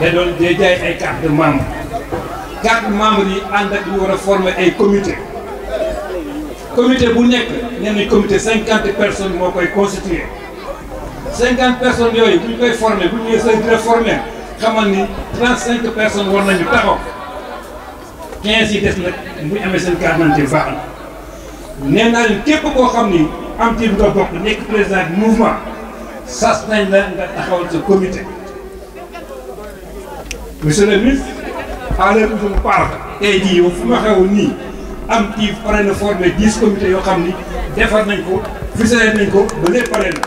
mais doon day jaay ay carte de membre carte membre yi ànd ak ñu war a former ay comité comité bu nekk nee nañ comité cinquante personnes moo koy constitué cinquante personnes yooyu bu ñu koy formé bu ñu ñëwee seen dina formé xamal ni trente cinq personnes war nañu taxaw quinze yi des nag bu ñu amee seen carte d'identité baax na nee naa leen képp koo xam ni am ci nga bokk nekk président du mouvement nañ la nga taxawal sa comité. monsieur le ministre à l'heure où je vous parle tey jii yow fu ma xew nii am ci pare na formé dix comités yoo xam ni defar nañ ko ficelé nañ ko ba lépp pare na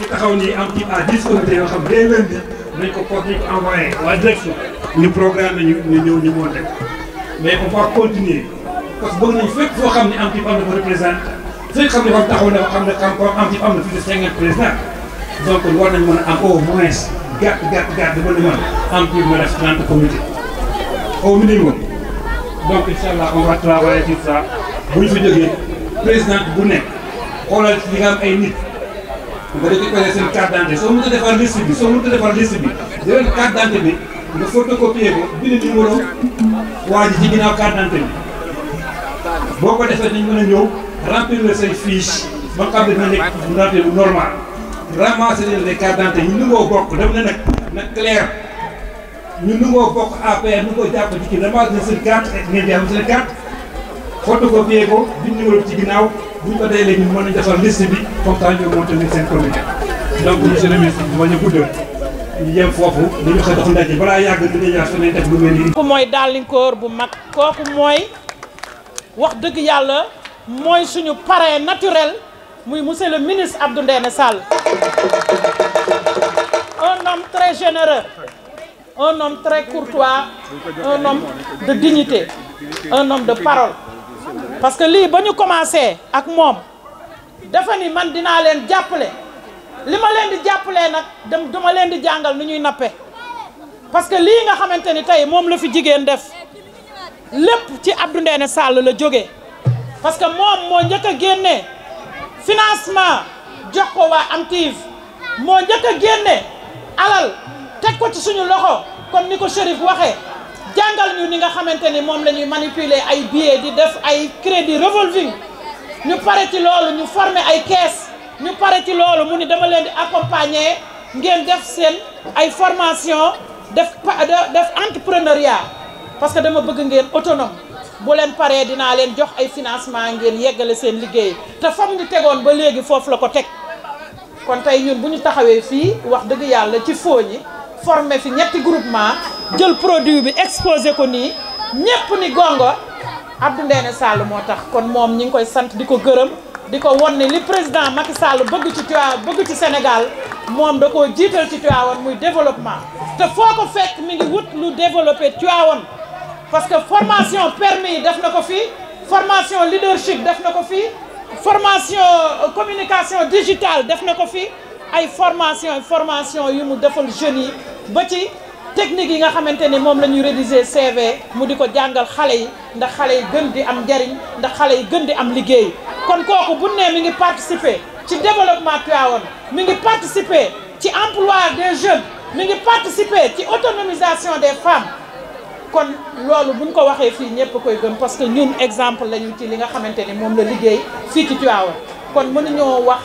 ñu taxaw nii am ci à dix yoo xam dès lundi nañ ko ko nañ ko envoyé waa direction ñu programme nañu ñu ñëw ñu monté mais on va continuer parce que bëgg nañ fépp foo xam ne am ci am na ko représenté fépp xam ne fam taxaw ne xam ne am ci am na plus de cinquante président donc war nañ mën a am au moins gàtt gàtt gàtt ba le en plus de la cinquante communautés au minimum donc incha allah on va travailler si ça bu ñu fi jógee président bu nekk xoolal li nga am ay nit nga récupéré seen carte bi soo mënut a defar liste bi soo mënut a defar liste bi jëlal carte d'identité bi nga photocopier ko bind numéro waa ji a ginnaaw carte d'identité bi boo ko defee dañ mën a ñëw remplir la say fiche ba xam ne dina nekk bu normal. ramasser leen les cartes d'identité ñu nangoo bokk daf ne nag nag clair ñu nangoo bokk APR ñu ko jàpp ci kii ramasser seen carte ngeen di am seen carte photocopier ko bi ci ginnaaw buñ ko dajalee ñu mën a defar liste bi comme ça ñu monté leen seen comité. donc monsieur le ministre ma ñu guddal ñu yem foofu dañu ko dox ndaje balaa yàgg dinañ yaa feneen def lu mel nii. kooku mooy Dallinkor bu mag kooku mooy wax dëgg yàlla mooy suñu parrain naturel. muy monsieur le ministre Abdou Ndéné Sall un homme très généreux un homme très courtois un homme de dignité un homme de parole parce que lii ba ñu commencé ak moom dafa ni man dinaa leen jàppale li ma leen di jàppalee nag dem dama leen di jàngal nu ñuy nappe parce que lii nga xamante ni tey moom la fi jigéen def lépp ci Abdou Ndéné Sall la jógee parce que moom moo njëkk a génnee financement jox ko waa moo njëkk a génne alal teg ko ci suñu loxo kon ni ko Chérif waxee jàngal ñu ni nga xamante ni moom la ñuy manipuler ay billets di def ay crédit revolving ñu pare ci loolu ñu former ay kees ñu pare ci loolu mu ni dama leen di accompagner ngeen def seen ay formation def def entrepreneuriat parce que dama bëgg ngeen autonome bu leen paree dinaa leen jox ay financement ngeen yeggale seen liggéey te fam ñu tegoon ba léegi foofu la ko teg kon tey ñun bu ñu taxawee fii wax dëgg yàlla ci fooñi formé fi ñetti groupement jël produit bi exposé ko nii ñépp ni gongo Abdou Ndéné Sall moo tax kon moom ñi ngi koy sant di ko gërëm di ko won ne li président Macky Sall bëgg ci Tivaouane bëgg ci Sénégal moom da koo jiital ci Tivaouane muy développement te foo ko fekk mi ngi wut lu développé parce que formation permis def na ko fii formation leadership def na ko fii formation euh, communication digitale def na ko fii ay formation formation yu mu defal jeunes yi ba ci technique yi nga xamante ne moom la ñuy rédiger CV mu di ko jàngal xale yi ndax xale yi gën di am njariñ ndax xale yi gën di am liggéey kon kooku bu nee mi ngi participer ci développement Tivaouane mi ngi participer ci emploi des jeunes mi ngi participer ci autonomisation des femmes kon loolu bu buñ ko waxee fii ñëpp koy gën parce que ñun exemple lañu ci li nga xamante ni moom la liggéey fii ci Tivaouane kon mënuñoo wax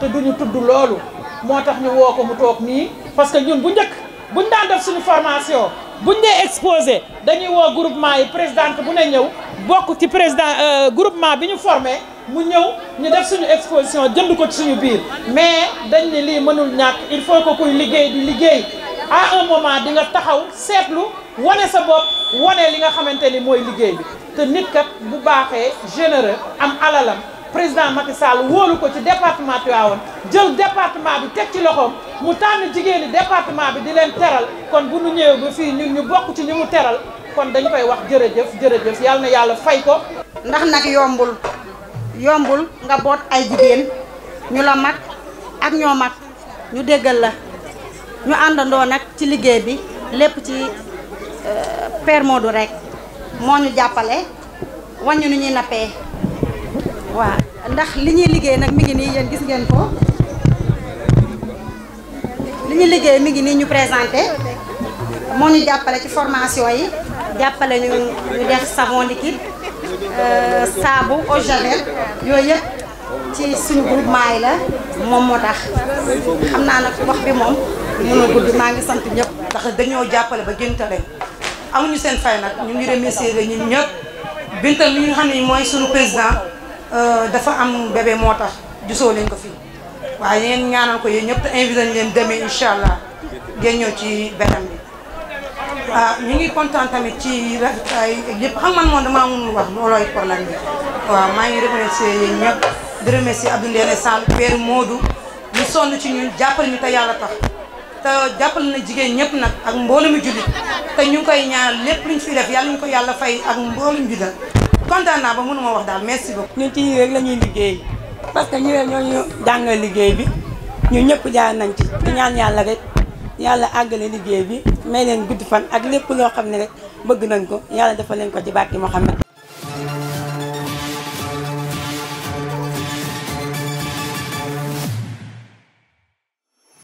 te duñu tudd loolu moo tax ñu woo ko mu toog nii parce que ñun bu njëkk buñ daan def suñu formation buñ nee exposé dañuy woo groupement yi présidente bu ne ñëw bokk ci président euh, groupement bi ñu formé mu ñëw ñu def suñu exposition jënd ko ci suñu biir mais dañ ne lii mënul ñàkk il faut que kuy liggéey di liggéey à un moment di nga taxaw seetlu wane sa bopp wane li nga xamante ni mooy liggéey bi te nit kat bu baaxee généreux am alalam président Macky Sall wóolu ko ci département Tivaouane jël département bi teg ci loxoom mu tànn jigéeni département bi di leen teral kon bu nu ñëwee ba fii ñu ñu bokk ci ñu mu teral kon dañu koy wax jërëjëf jërëjëf yàlla na yàlla fay ko. ndax nag yombul yombul nga boot ay jigéen ñu la mag ak ñoo mat ñu déggal la. ñu àndandoo nag ci liggéey bi lépp ci euh, Père Modou rek moo ñu jàppale wàññi nu ñuy nappee waaw ndax li ñuy liggéey nag mi ngi nii yéen gis ngeen ko li ñu liggéey mi ngi nii ñu présenté moo ñu jàppale ci formation yi jàppale ñu ñu def savon liquide euh, saabu eau javel yooyu yëpp ci suñu groupement yi la moom moo tax xam naa nag wax bi moom mënoo gudd maa ngi sant ñëpp ndax dañoo jàppale ba géntale ñu seen fay nag ñu ngi remercier la ñun ñëpp bintal mi nga xam ne mooy suñu président euh, dafa am bébé moo tax gisoo leen ko fii waaye ngeen ñaanal ko yéen ñëpp te invité nañ leen demee allah ngeen ñëw ci beneen bi waaw ah, ñu ngi kontaan tamit ci rafetaay ak yëpp xam man moom damaa mënul wax loolooy problème bi waaw maa ngi remercier yéen ñëpp di remercier Abdou Ndéné Sall Père Modou ñu sonn ci ñun jàppale ñu te yàlla tax te jàppal na jigéen ñëpp nag ak mboolum jullit te ñu koy ñaanal lépp ñu fi def yàlla ñu ko yàlla fay ak mboolum jullit kontaan naa ba mënuma wax daal merci beaucoup. ñu ci rek la ñuy liggéey parce que ñu ñoo ñu jàngal liggéey bi ñu ñëpp jaar nañ ci ñaan yàlla rek yàlla àggale liggéey bi may leen guddi fan ak lépp loo xam ne rek bëgg nañ ko yàlla defal leen ko ci barke Muhammad